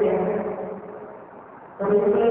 Thank you.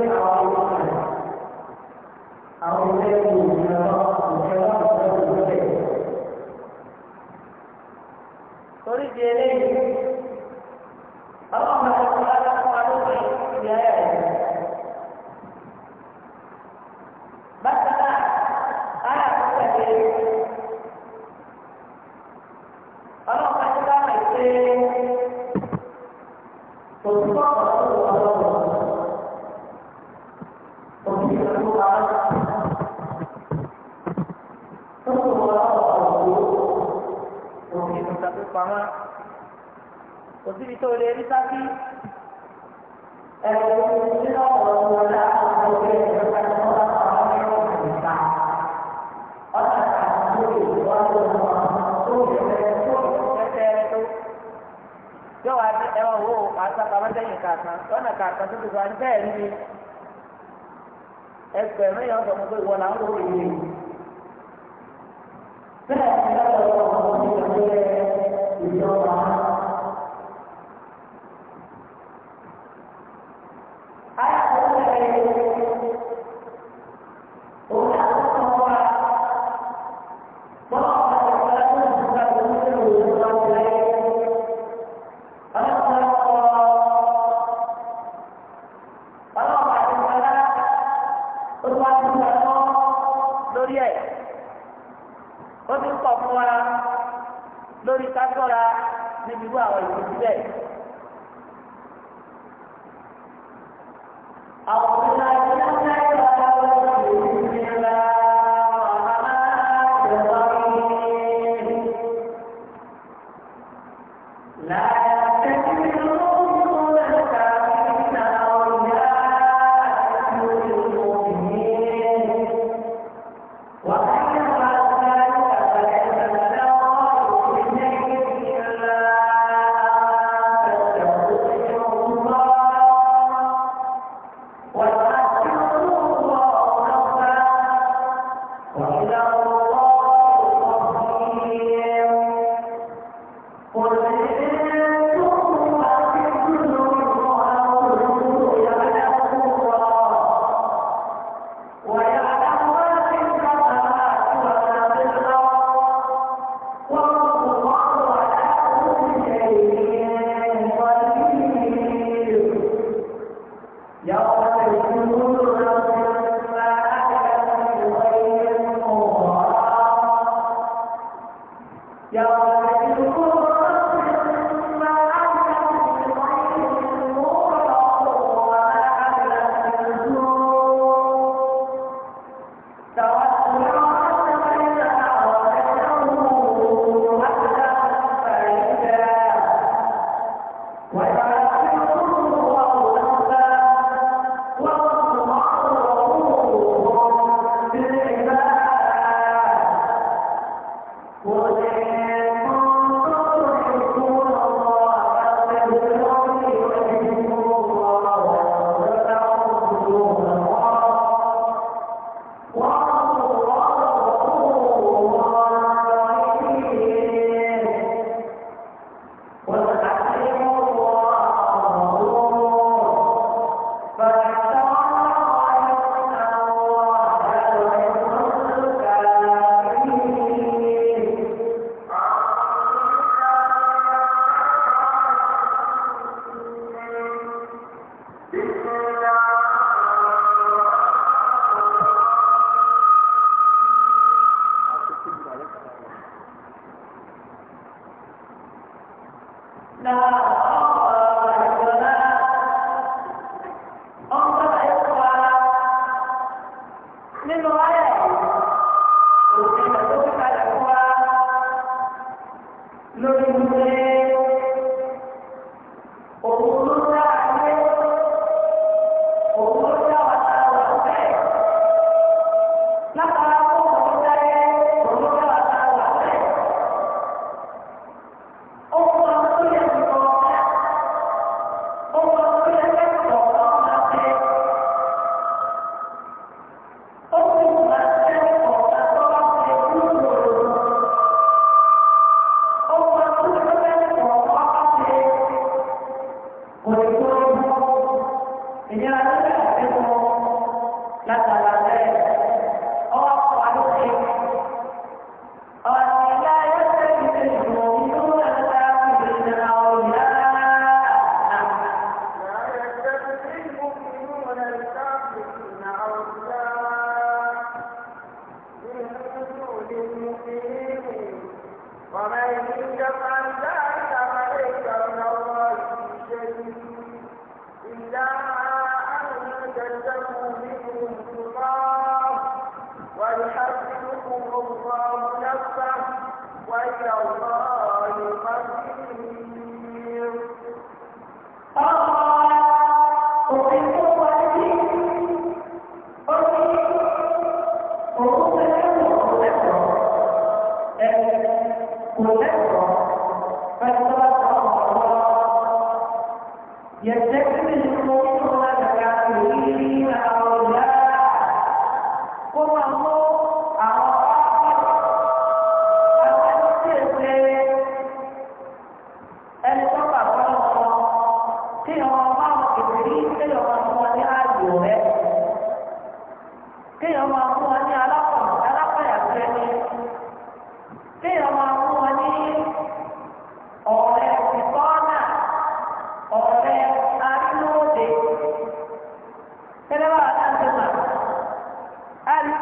nínú ayé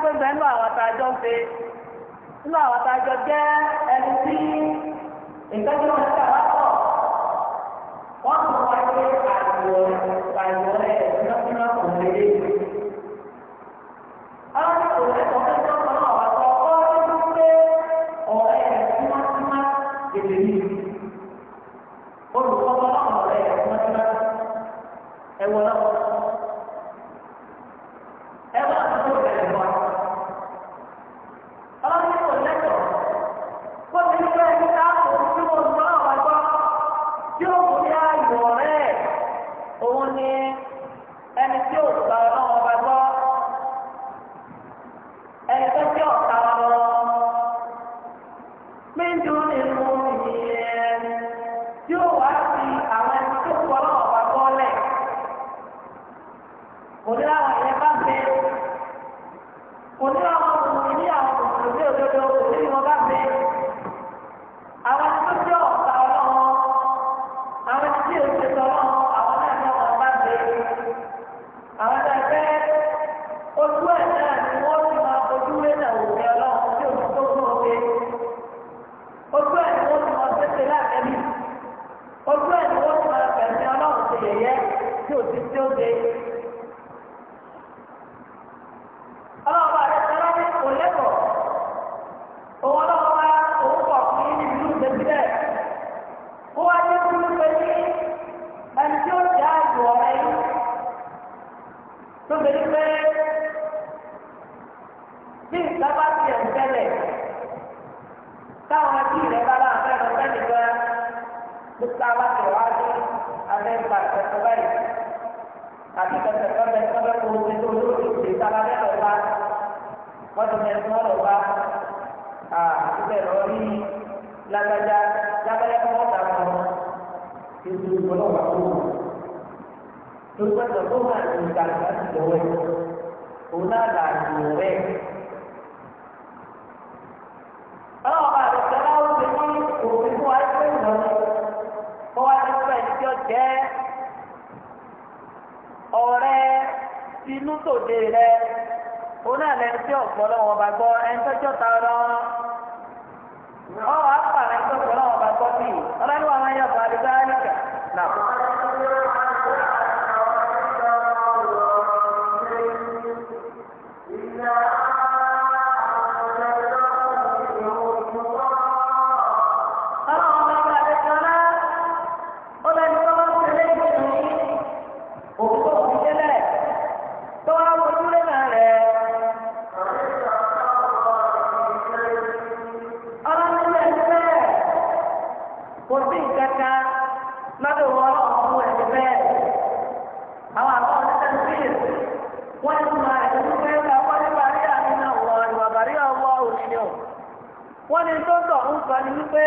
pé bẹ́ẹ̀ náà àwọn àtàjọ ṣe nínú àwọn àtàjọ jẹ́ ẹni tí ìtọ́jú wọn àwọn àtọ̀ wọ́n tún wáyé ọlọ́wà tó wà tó gbọ́dọ̀ tó wà ní ìgbàgbà lọ́wọ́ ẹ̀ òun náà là ní ọ̀rẹ́ ẹ̀. ọlọ́wà àdọ̀tẹ́ láwọn ti ní òfin fún wa ẹgbẹ́ ìlọ́ni kó wá ní pẹ́ tí ó jẹ́ ọ̀rẹ́ inú tòde rẹ̀ òun náà lẹ́nu tí ọ̀pọ̀ bá gbọ́ ẹni tó jọ́ta ọlọ́wọ́ ọ̀ wá pàrọ̀ ẹni tó pọ̀ lọ́wọ́. sọ ni wípé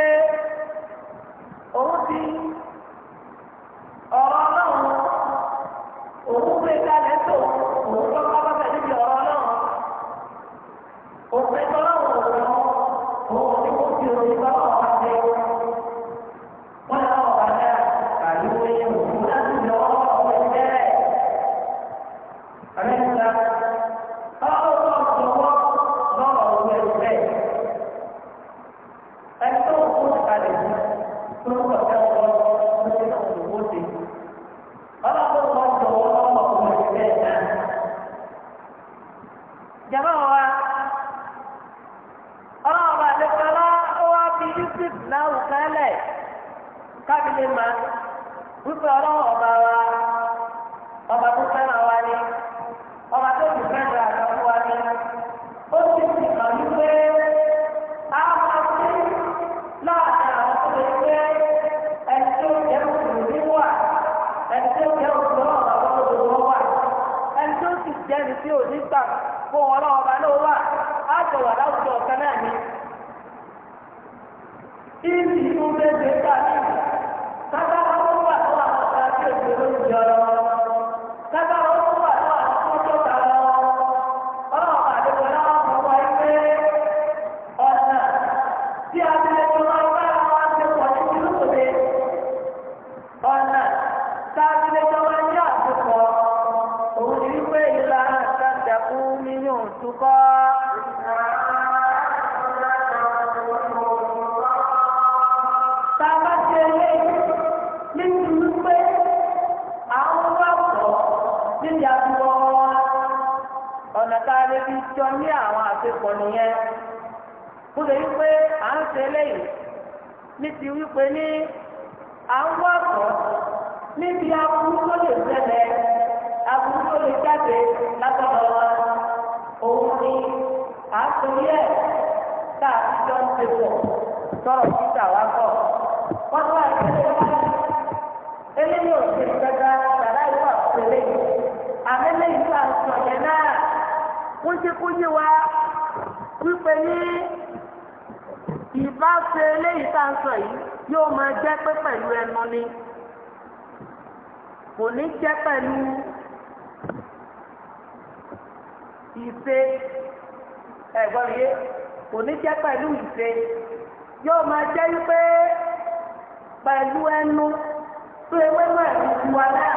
fún wọn náà ọba náà wà á jọ wà láwùjọ ọ̀kan náà ni. ìdí ìlú bẹ́ẹ̀ bẹ́ẹ̀ bá mi. wípé à ń ṣe eléyìí ní ti wípé ní à ń wọ́pọ̀ níbi aburú tó lè ṣẹlẹ̀ aburú tó lè jáde látọ̀dọ̀ wa òun ni à ń torí ẹ̀ tá a fi jọ ń ṣe pọ̀ sọ̀rọ̀ títà wá pọ̀ wọ́n tó àìsílẹ̀ wá eléyìí ò ṣe ìjọba tàbá ìwà òṣèlè àmẹ́lẹ́yìí wà sọ̀yẹ̀ náà kújíkújí wa wípé ní wá ṣe eléyìí tá a sọ yìí yóò máa jẹ́ pé pẹ̀lú ẹnu ni kò ní jẹ́ pẹ̀lú ìṣe ẹ̀gbọ́n yé kò ní jẹ́ pẹ̀lú ìṣe yóò máa jẹ́ pé pẹ̀lú ẹnu tó ewé mọ̀ ẹ̀rù tiwa náà.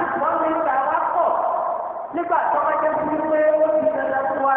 àti ìwọ́n mi ta wá pọ̀ nígbà tó wájú sí pé ó ti dandan fún wa.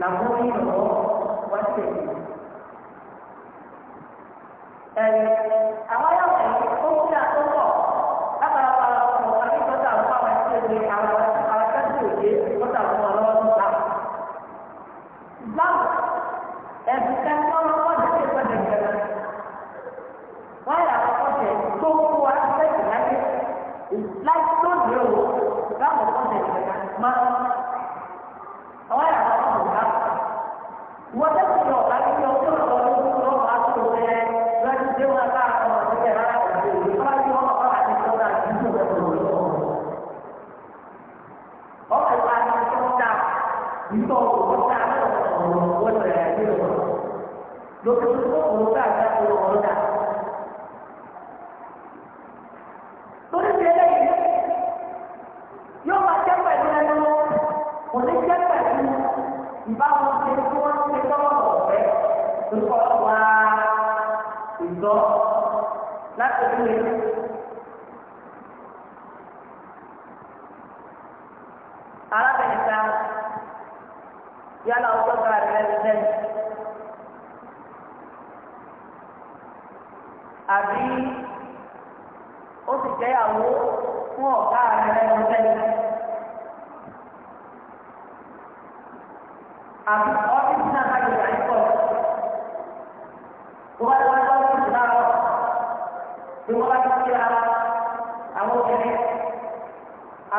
làwọn ìrànwọ́ wá tẹ̀lé. kó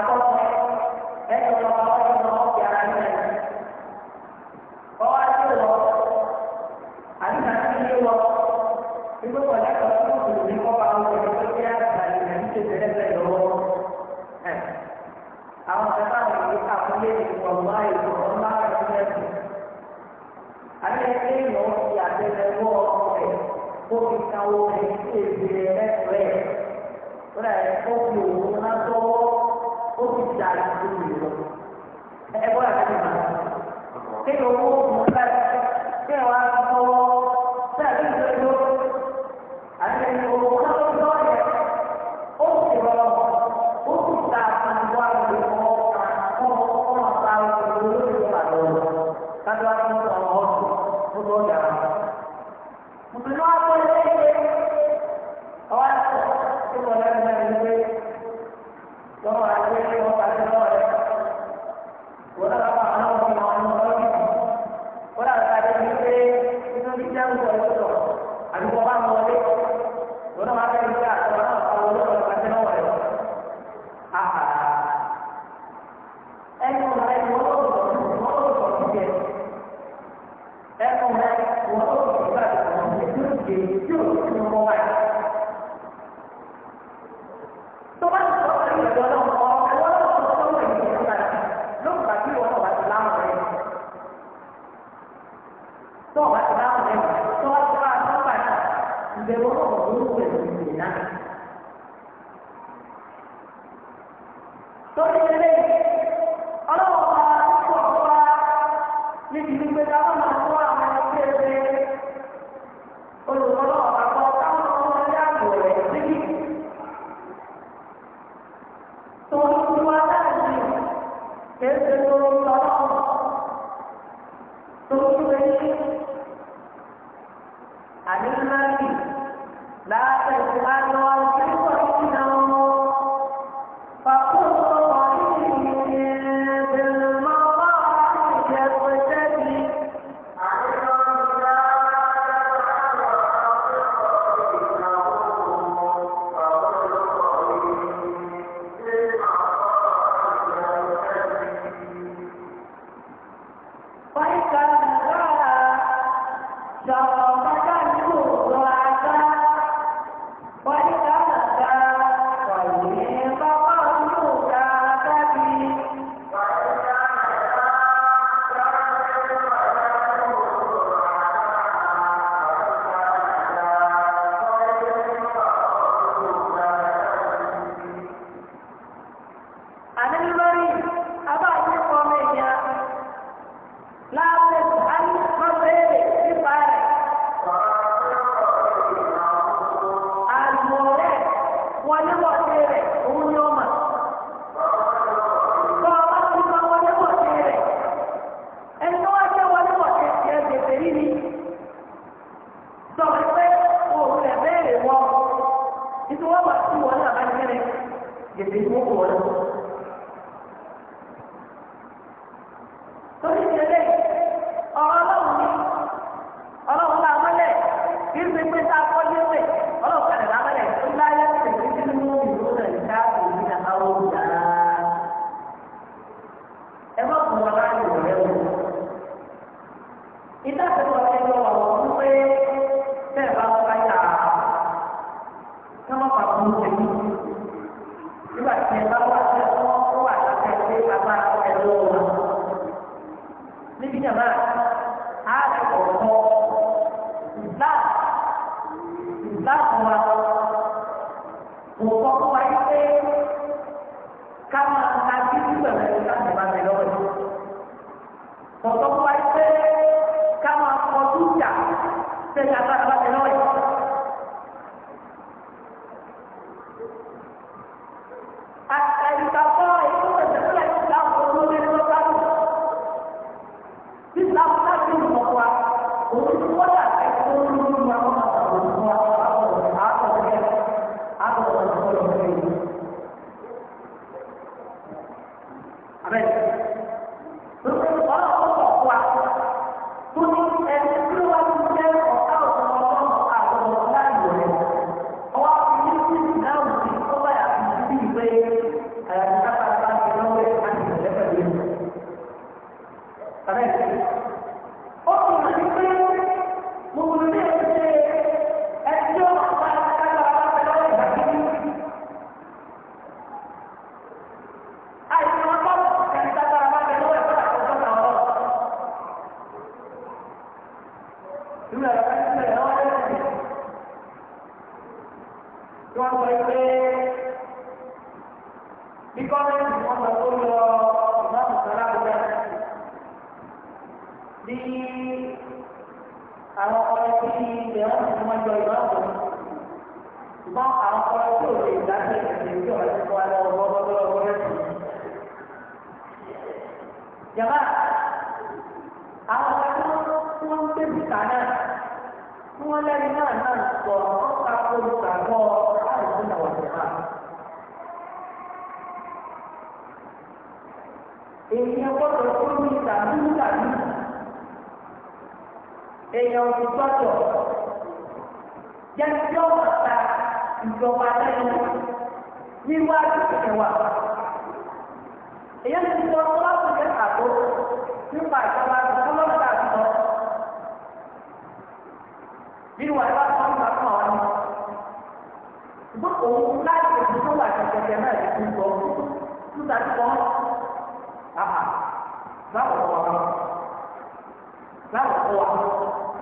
fi kan wo ẹni tí èdè rẹ rẹ rẹ kó fi òun náà tó dára tó wù yìí Ẹ bọ́ àti ìgbà. Kí ni owó mú ká kí ni wàá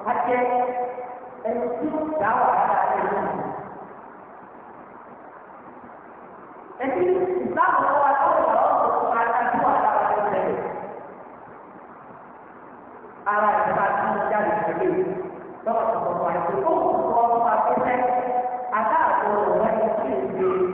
ajẹ ẹni tí ó dá wàhálà rẹ̀ lónìí. Ẹbí ìsáàmù wọn wá lọ́wọ́ lọ́wọ́ tó tó máa dá sí wàhálà wọn lọ́wọ́ rẹ̀. Ara ìgbà tí wọ́n jáde ìgbàlè lọ́wọ́ tó tó wà ní kókó tó wọ́n máa tó fẹ́. Àtàkùn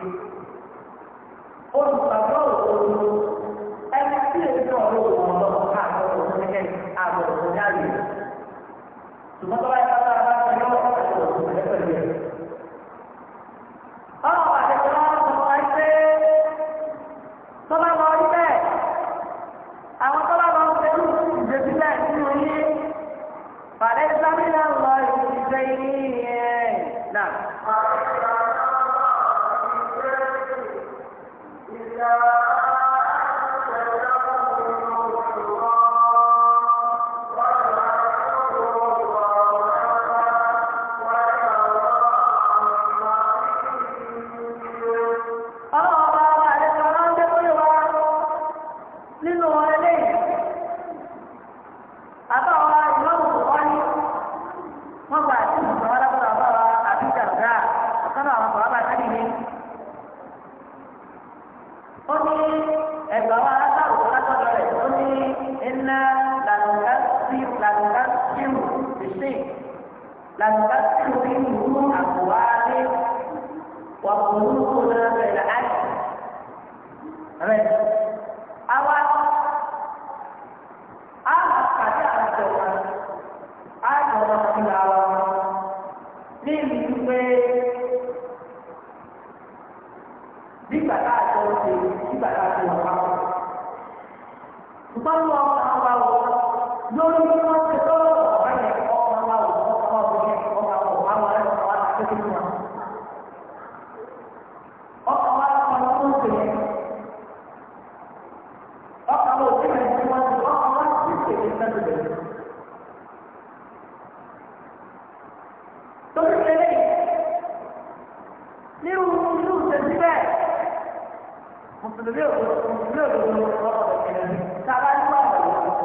mùsùlùmí ò mùsùlùmí ò lòdì lọ́wọ́ ọ̀kẹ́lẹ́ ní sábà nígbà wọ̀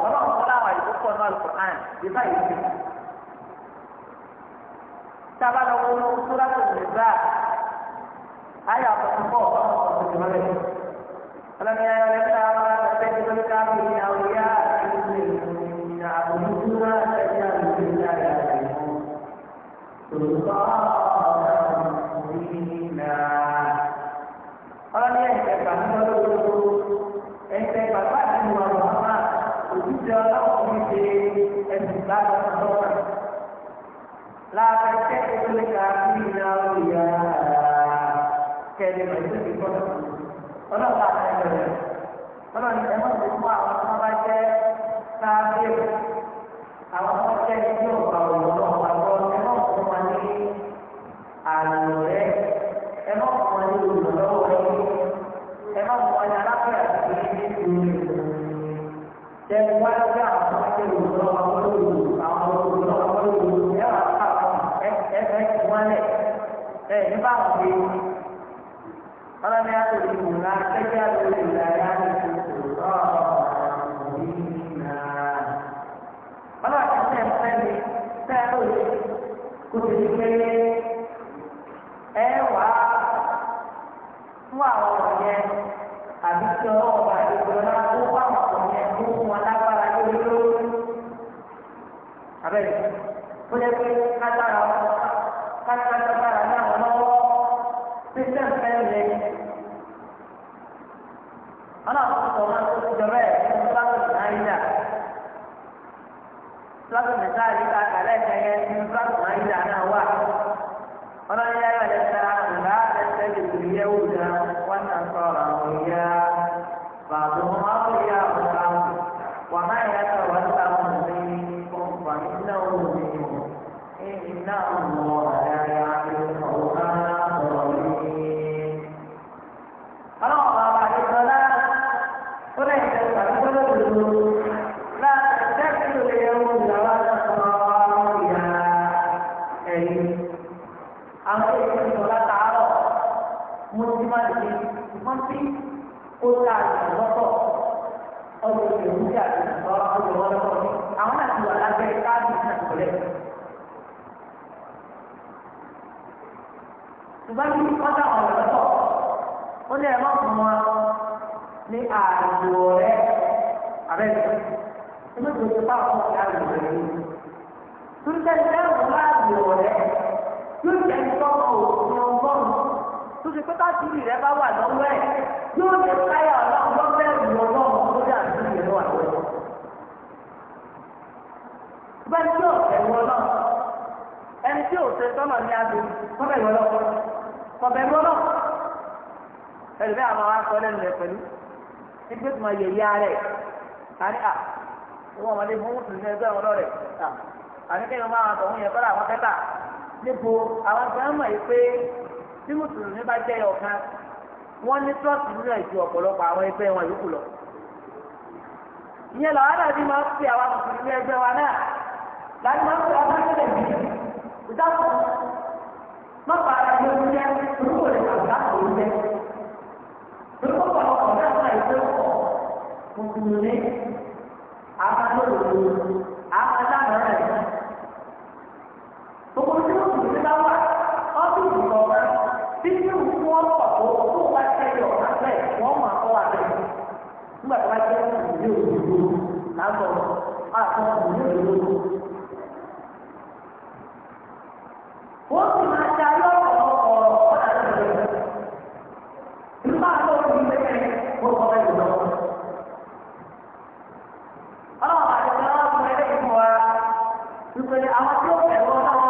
ọlọ́run kọ́lá wà yìí púpọ̀ náà lùkọ́ àn bí báyìí ṣe. sábà lọ wọ́n lọ́wọ́ sórí àtọ̀tọ̀ ìgbà ayé àtọ̀tọ̀ bọ̀ ọ̀tọ̀ ọ̀tọ̀ ìgbà rẹ̀ ọlọ́run yára rẹ̀ my شاء الله وما يتولون منكم فإنه منهم إن الله لا يعلم القوم الظالمين قال الله عليه وسلم قل إن ìgbésẹ̀ àti ọ̀rọ̀ àwọn ọ̀rọ̀ ọ̀rọ̀ àwọn àti wà lábẹ́ káàdì náà kọ̀lẹ́. ṣùgbọ́n ní ọ̀dà ọ̀rọ̀ lọ́tọ̀ ó ní ẹ̀rọ fún wa ní ààbò rẹ̀ abẹ́ ẹgbẹ́ tó ti bá ọkọ̀ ààbò rẹ̀ yìí. Túnṣe ní ẹ̀rọ fún ààbò rẹ̀ yóò jẹ́ ìtọ́kọ̀ òkú ọgọ́rùn-ún tó pé káàkiri rẹ̀ bá wà lọ́wọ́ ẹ̀ yóò jẹ́ káyà ọlọ́gbọ́n bẹ́ẹ̀ bẹ́ẹ̀ tí òfẹ́ wọ náà ẹni tí òfẹ́ sọ́nà ní adò kọ́bẹ̀ wọ náà kọ́bẹ̀ wọ náà ẹ̀rù bẹ́ẹ̀ àwọn aṣọ lẹ́nu rẹ̀ pẹ̀lú ibi tó máa yẹ yá rẹ̀ àní à wọ́n máa lé fún wùsùn ní ẹgbẹ́ wọn lọ́rẹ̀ àní kí ni wọ́n máa tọ̀hún yẹn kọ́ra àwọn kẹta níbo àwọn kan mọ̀ yìí pé tí mùsùlùmí bá jẹ́ ọ̀kan wọ́n ní trọ́ọ̀tì nínú ẹ̀jú ọ̀pọ̀lọpọ̀ àwọn ẹgbẹ́ wọn yòókù lọ ìyẹn làwọn àdàbí máa ń fi àwọn mùsùlùmí ẹgbẹ́ wa náà láti máa ń sọ ọdún tẹ́lẹ̀ bí ìdáàbò má pa ara ẹni ojú jẹ́ orúkọ rẹ̀ àgbà òun jẹ́ orúkọ pọ̀ ọ̀gá àgbà ìgbé ọ̀pọ̀ mùsùlùmí àbádọ́rọ̀ àbádámọ̀ rẹ̀ gbogbo tí ó kù nígbà wá ọdún ìgbà ọ̀gá tí tí ó fún wọn pọ̀ tó tó wá tẹ́lẹ̀ ọ̀gá wọ́n mọ̀ ọ́ wà nígbà tó wá jẹ́ ìdílé òdòdó lágbọ̀ọ́ àtọ́ ìdílé òdòdó wọ́n àwọn tí ó náà.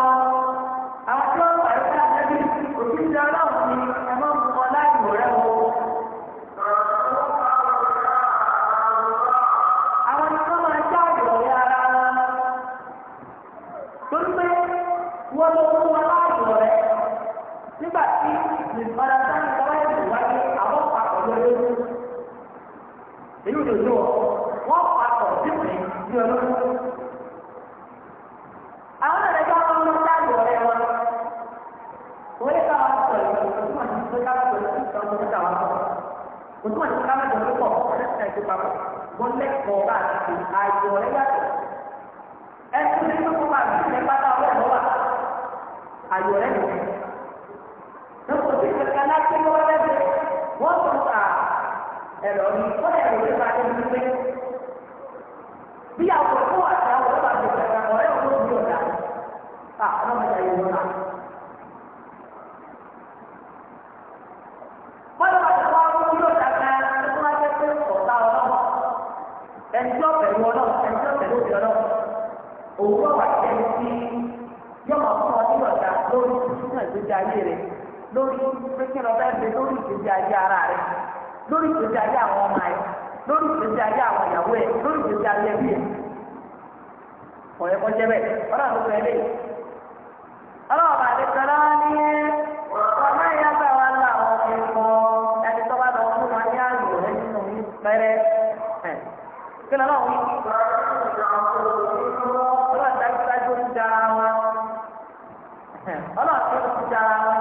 kọ ọba àti àjọ rẹ yàtọ̀ ẹtú ní kókó bá mi ní pátá ọwọ́ ẹ̀rọ wà àjọ rẹ nìyẹn lọ́kọ̀ sí kankan láti wọ́n lẹ́sẹ̀ wọ́n tún ta ẹ̀rọ ní. kí lọ bẹ́ẹ̀ ṣe lórí ìgbésí ayé ara rẹ lórí ìgbésí ayé àwọn ọmọ rẹ lórí ìgbésí ayé àwọn ìyàwó ẹ lórí ìgbésí ayé ẹbí ẹ ọ̀yẹ́ kọ́ jẹ́ bẹ́ẹ̀ ọ̀rọ̀ àti ọ̀rọ̀ ẹlẹ́yìn ọlọ́wọ́ bá ti kọ́lá ní ọmọ ìyá bá wà láwọn ẹ̀kọ́ ẹni tó bá lọ fún wọn ní àlù rẹ nínú pẹ́rẹ́ kí lọ́wọ́ wí. tó ń dára wọn.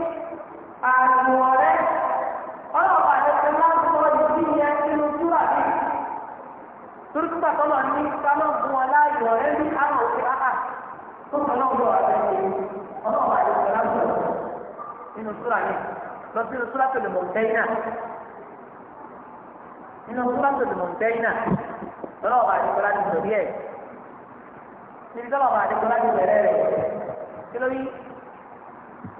ọlọ́wọ́ àti ọlọ́wọ́ àti ìfọláṣọ nínú súra yẹn lọ sínú súra tó lè mọ̀ ntẹ́yìn náà nínú súra tó lè mọ̀ ntẹ́yìn náà ọlọ́wọ́ àti ìfọláṣọ lórí ẹ̀ níbi tó lọ́wọ́ àti ìfọláṣọ bẹ̀rẹ̀ rẹ̀ kí ló rí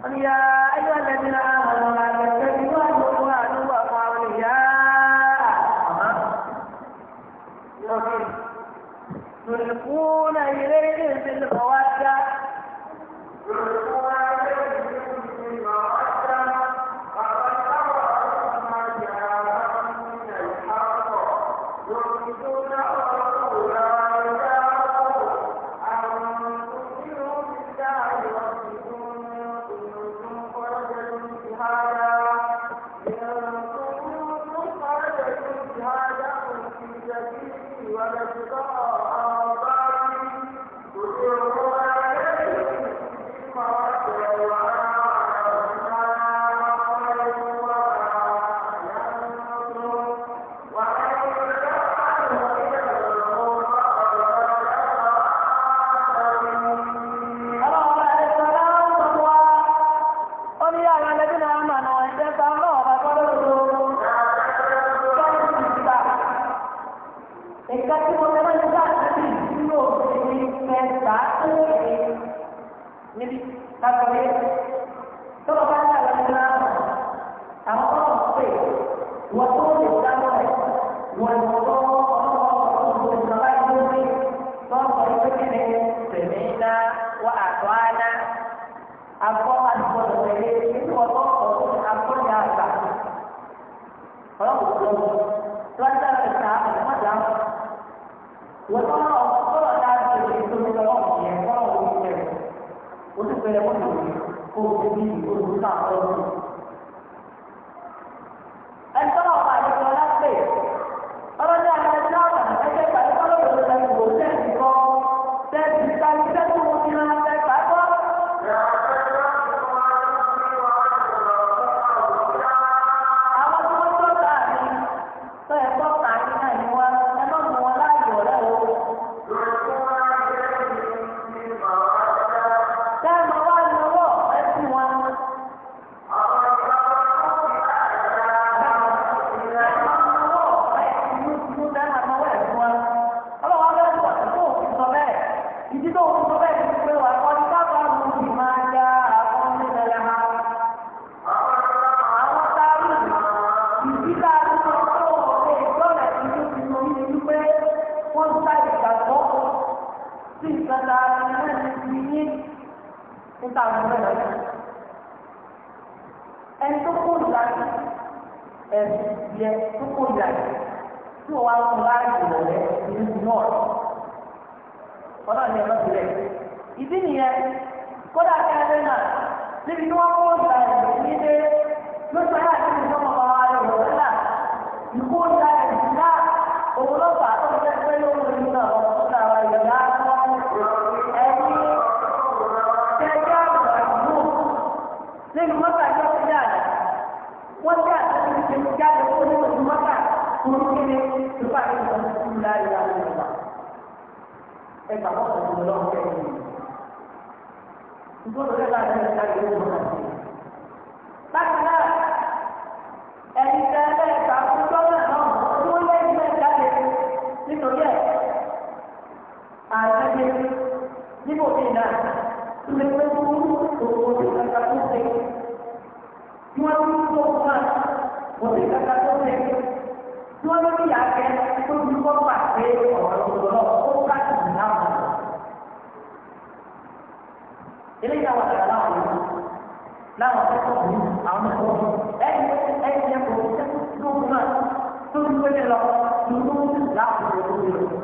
wọ́n yá ayé wà lẹ́yìn náà àwọn àgbẹ̀ Thank you. yẹ kó tó kó o ti di olùkọ́ àwọn ọ̀dọ́. pé ọ̀rọ̀ ìṣòro náà ó káàkiri náà mọ̀. eléyìí àwọn àgbà náà wọ̀ láwọn akẹ́kọ̀ọ́ mi àwọn ọmọ ẹni ẹ̀kọ́ tó kú náà tó ń gbélé lọ tó ń gbélé láàbùkù tó ń gbélé lọ.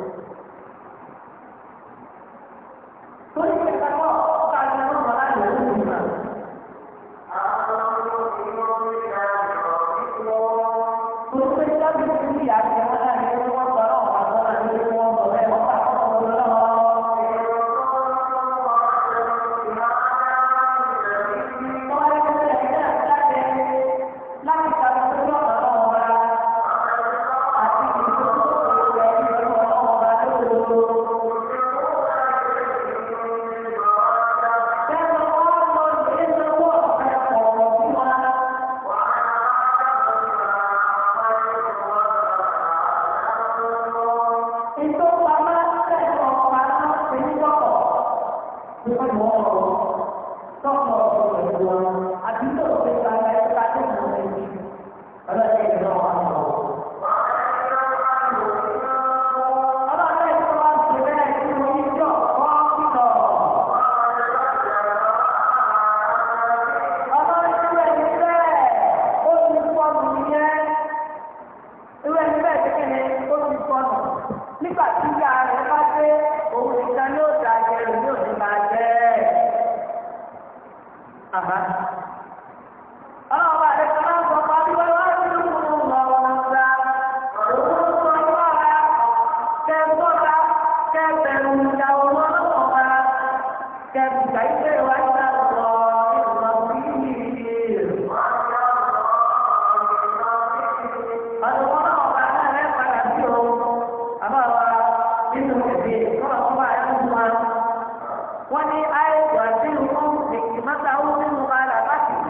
مسعوا من مخالفته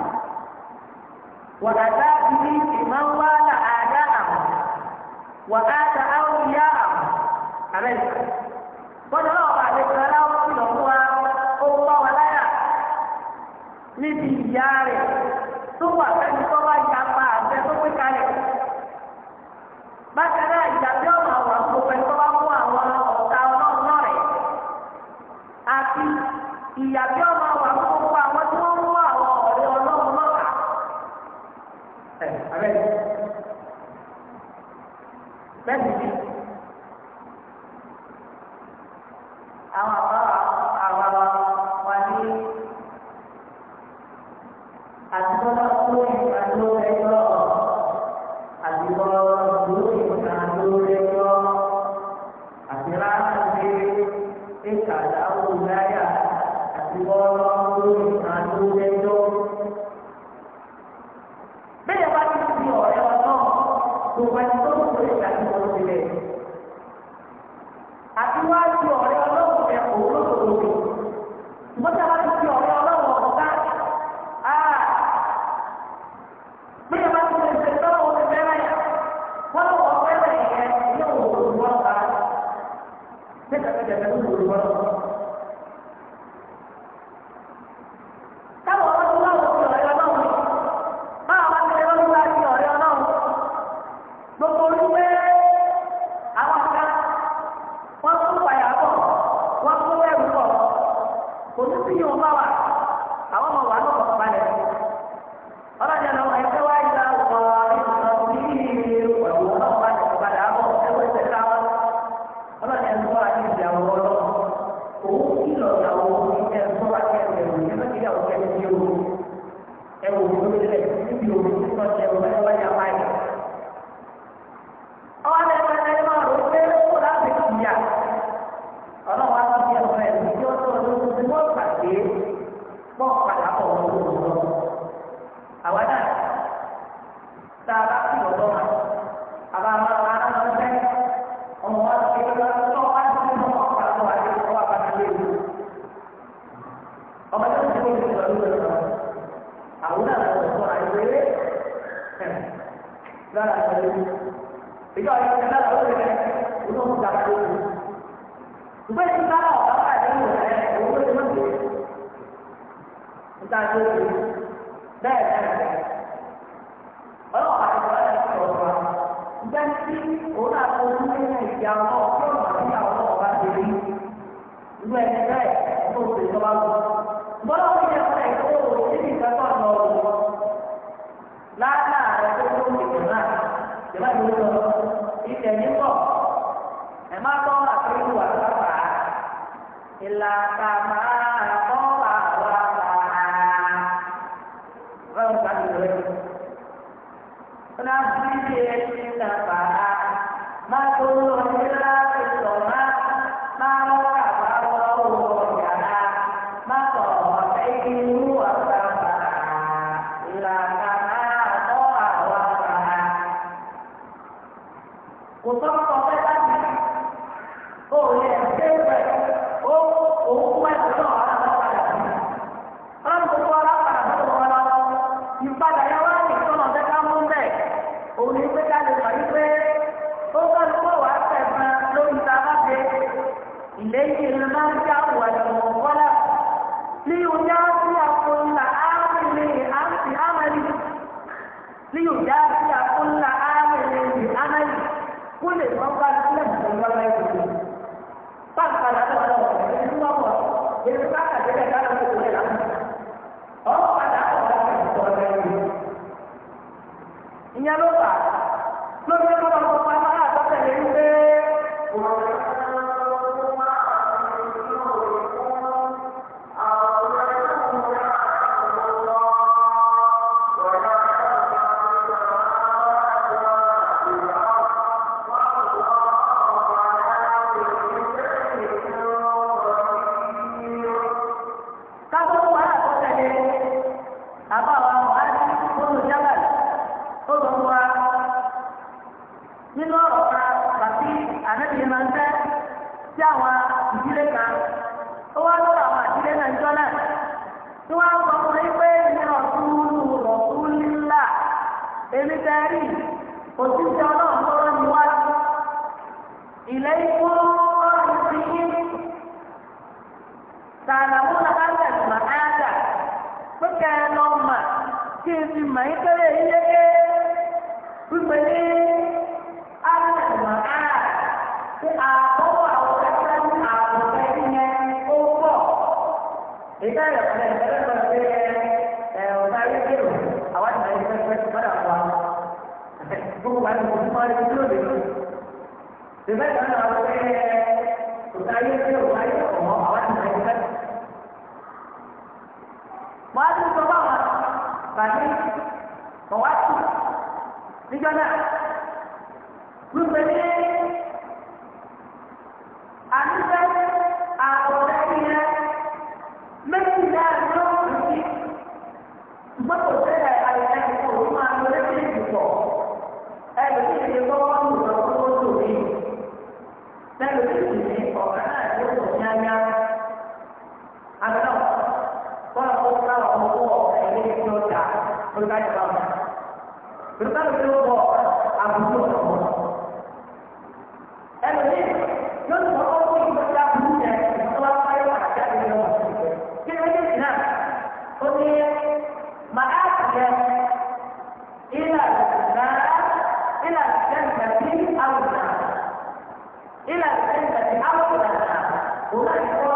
وعذابه لمن والى اعداءه وآتى اولياءه عليه gbọdọ náà wà ní kọlá ó sì lọ́wọ́ wa ó wọ́ wa láyà níbi ìyá rẹ̀ tó wà fẹ́ni tó wá ya pa àbẹ tó pé kalẹ̀ bákan náà ìjà tí ọmọ àwọn àgbòkọ ẹni tó bá mú àwọn ọ̀tá ọlọ́run náà rẹ̀ àti ìyá tí ọmọ. bẹ́ẹ̀ sì ni ìlà tá الجنة أو إلى الجنة أو النار هناك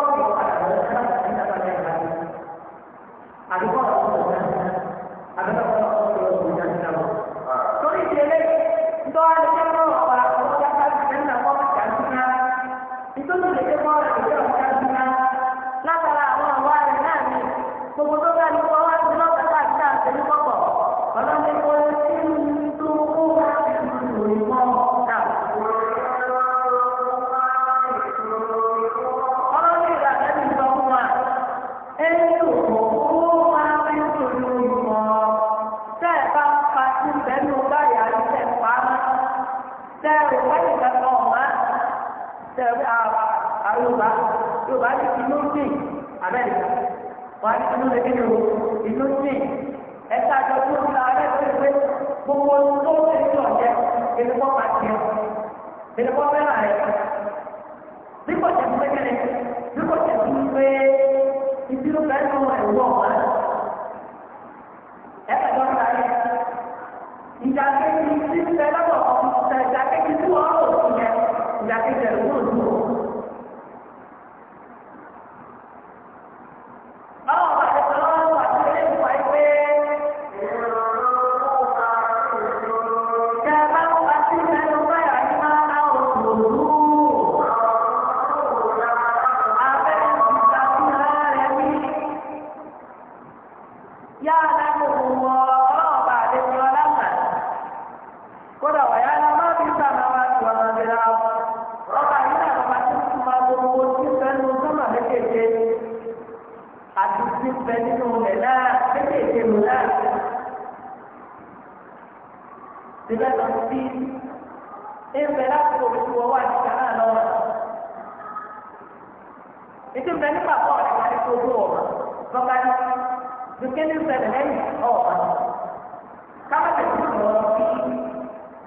ló lè nínú ìlú sí ẹ̀ka àjọ tó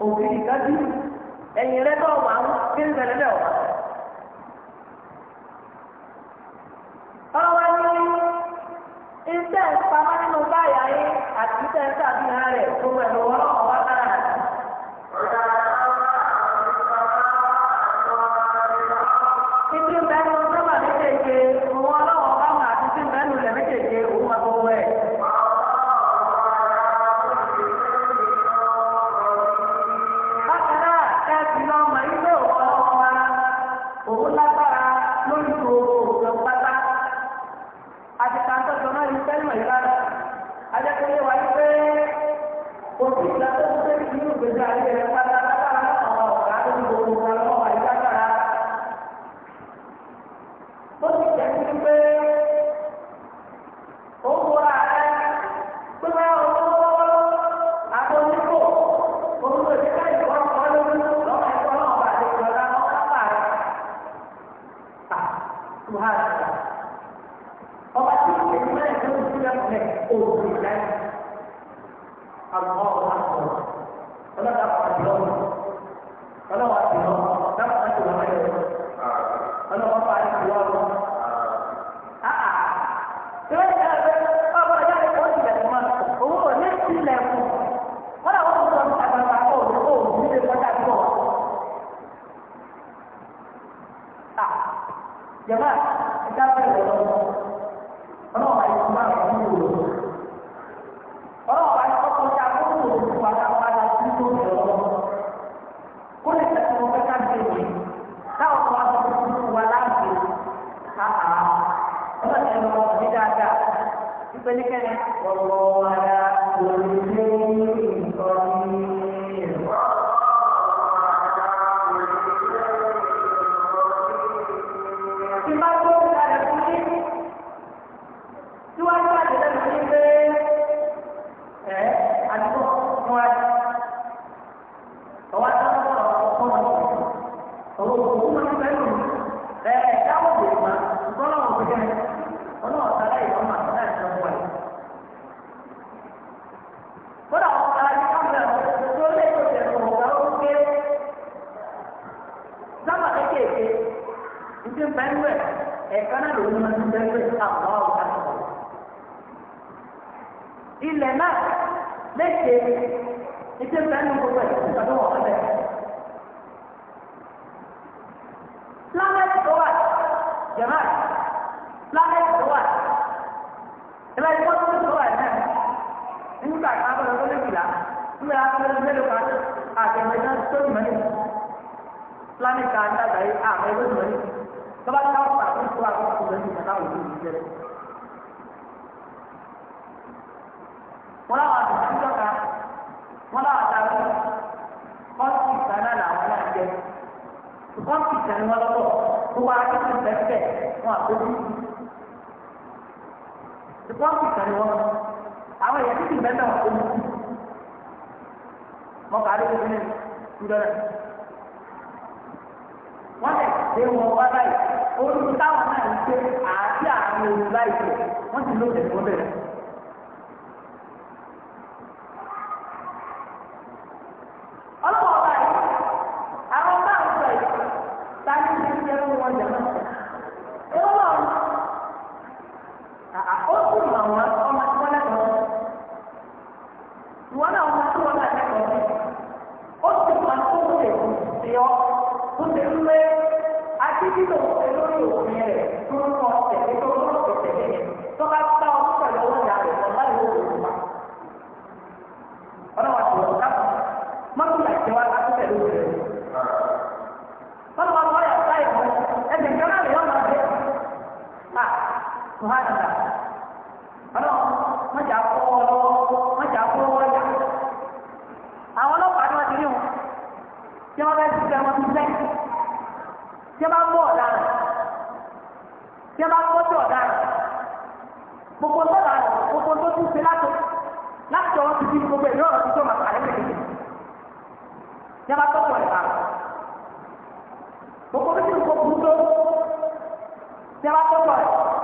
òkìrì kájú ẹ̀yìn rẹ bá wà ń kí ń bẹ̀rẹ̀ lẹ̀ wà. ọwọ́ ní iṣẹ́ ìpamọ́ nínú báyà yín àti iṣẹ́ ìṣàfihàn rẹ̀ gbogbo ẹ̀ lọ́wọ́ ọ̀wá. padà ọlọ wọn jà kó wọn lọ́wọ́ wọn jà kó wọn jà àwọn ọlọ́pàá ni wọn ti rí wọn tí wọn bẹ ti fẹ́ wọn ti fẹ́ tí wọn bá mú ọ̀daràn tí wọn bá mú ọjọ́ ọ̀daràn gbogbo tó dà rẹ gbogbo tó tún ṣe láti láti ọwọ́ ti gbogbo ìlú ọ̀rọ̀ tuntun màtà lẹ́yìn lẹ́yìn tí wọn bá tọ́jú ọ̀rẹ́ gbogbo tó gbogbo tó tí wọn bá tọ́jú ọ̀rẹ́.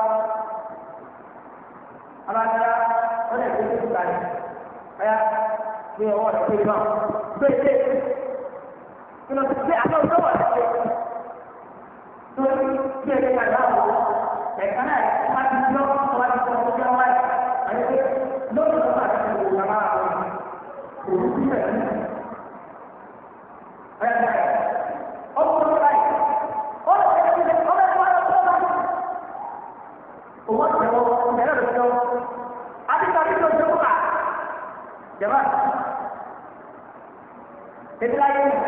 ní ọwọ́ rẹ̀ pé bá gbèsè ìnà tó ṣe àjọ ìjọba rẹ̀ ṣe tó ń gbé ẹgbẹ́ yàrá tẹ̀síwájú.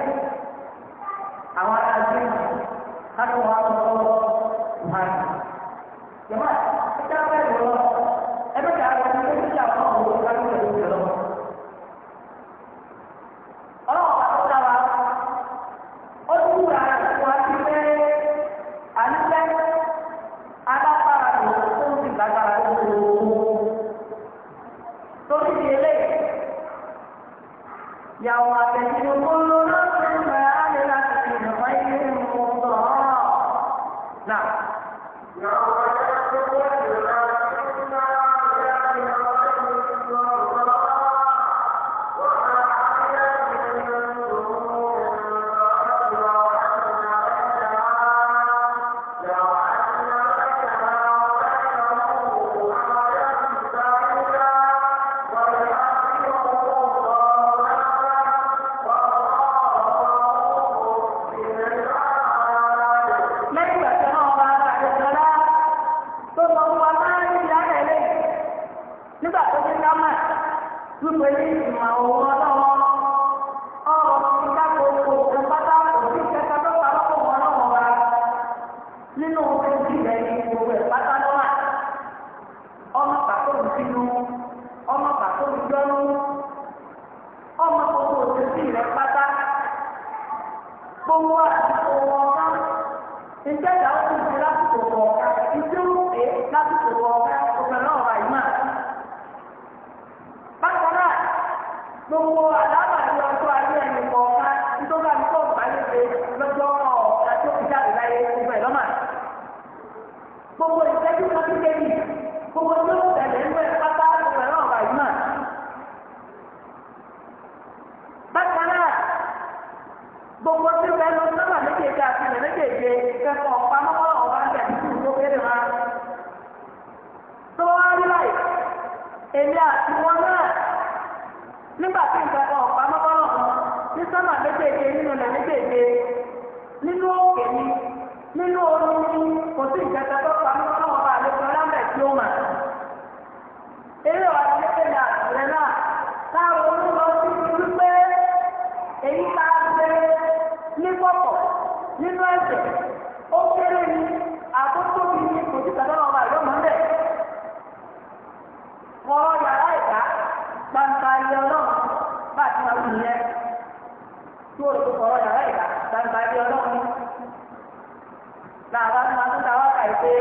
làwa máa tún tàwa kà í pé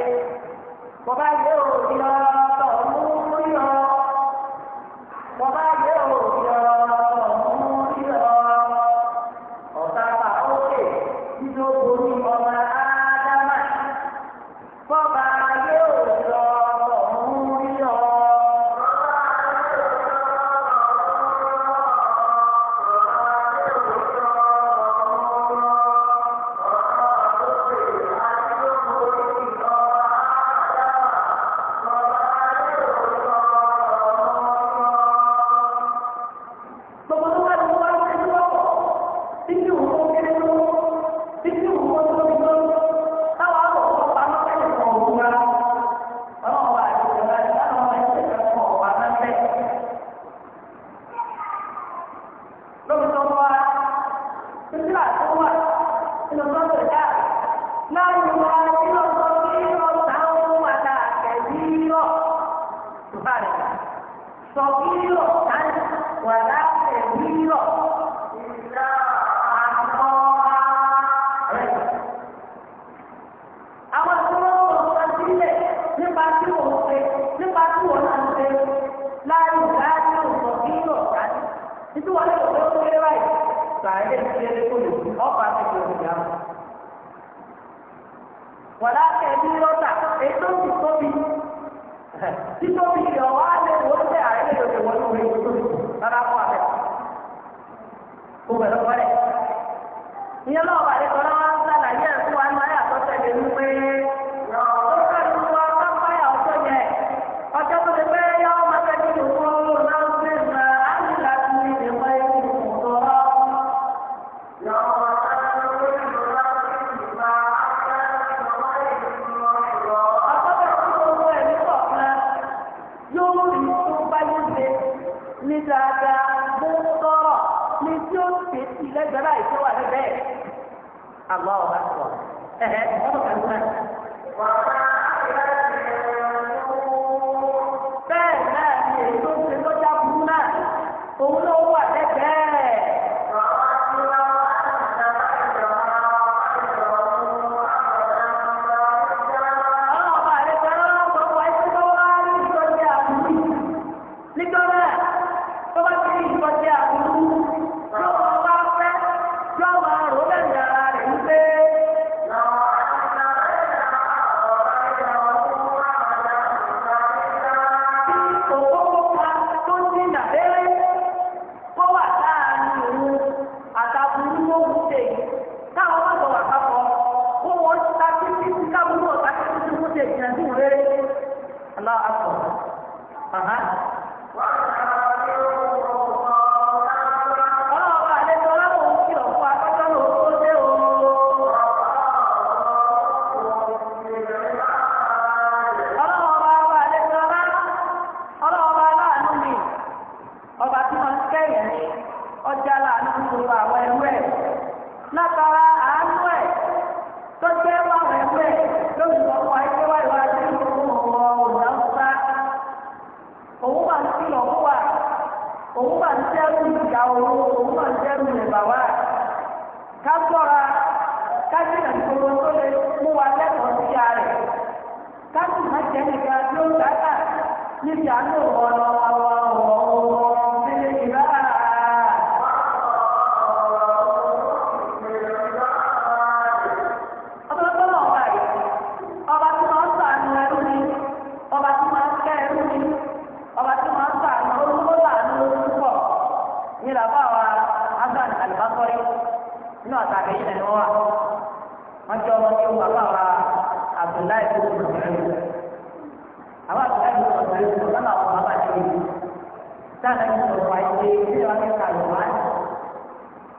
bọ́bá yóò yọ tọ̀ mú yọ bọ́bá yóò. الله أكبر. أه.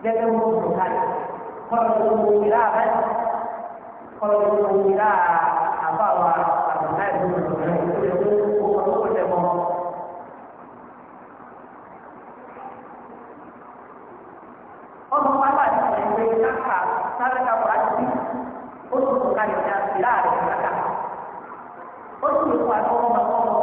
gẹ́gẹ́ bó tó kalẹ̀ kọ́lọ̀ tó mú ìlà rẹ̀ kọ́lọ̀ tó mú ìlà àbáwa àbùdá ìlú rẹ̀ tó yẹ kó kó kó kó tẹ̀ mọ́. ọmọ pápá ti sọ ìwé káka sáré kápọ̀ àti ó tó tó kalẹ̀ lè kó àtọwọ́ bàbá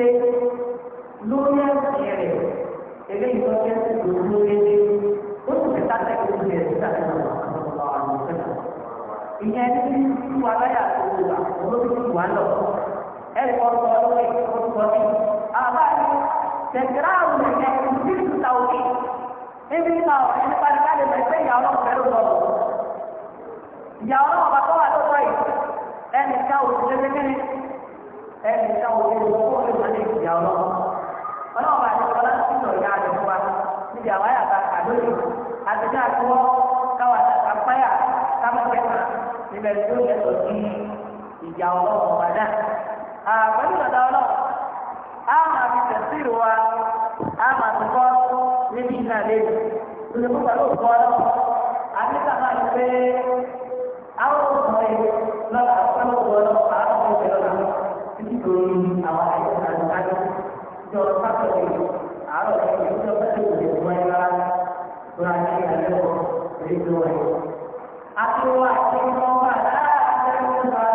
déédé lórí ẹ̀sìn rẹ̀ eléyìí tó jẹ́ sí lórí déédé ó sì fẹ́ sáfẹ́ kí ojú rẹ̀ síta lẹ́nu àwọn ọ̀sẹ̀ ìyẹn ní tí wà láyà tó wà olórí tí wà lọ ẹ̀rì kan sọ lórí orúkọ ní àbá tẹ̀síra àwọn ẹ̀yẹ ìdí ìtúta òkè níbi ìta ọ̀rẹ́ nípa nípa lè bẹ̀rẹ̀ ìyá ọlọ́run pẹ̀lú lọ́wọ́ ẹni táwọn olè lọ kó lè máa lè fi ìyá ọlọ́ ọlọ́wọ́ àti ọlá ti sọ ìyá rẹ̀ fún wa níbi àwọn àyàbá àlóyè àtijọ́ àtiwọ́ káwa àpáyà kámọ́kẹ́ta níbẹ̀ tó yẹ lọ sí ìyá ọlọ́wọ́ wa náà. àpẹẹrẹ ìrọ̀lẹ́ ọlọ́wọ́ a máa fi tẹ̀síìrì wa a máa fi kọ́ níbi iná lẹ́yìn olùkọ́ ló kọ́ ọlọ́wọ́ àti kàmáà ti pé àwọn ọmọ yìí lọ́la àpẹẹrẹ ọlọ́wọ́ pé àwọn àìsàn àti àjọ tí ọ̀rọ̀ pàtàkì àárọ̀ ẹ̀yìn tí ọ̀rọ̀ pàtàkì òde ìwọ̀n ẹ̀ rárá tó ra ní ìyàlẹ́ ọ̀ èyí tó wọ̀nyí. àti wọ́n àti ọmọ àdáyà àti ẹ̀rọ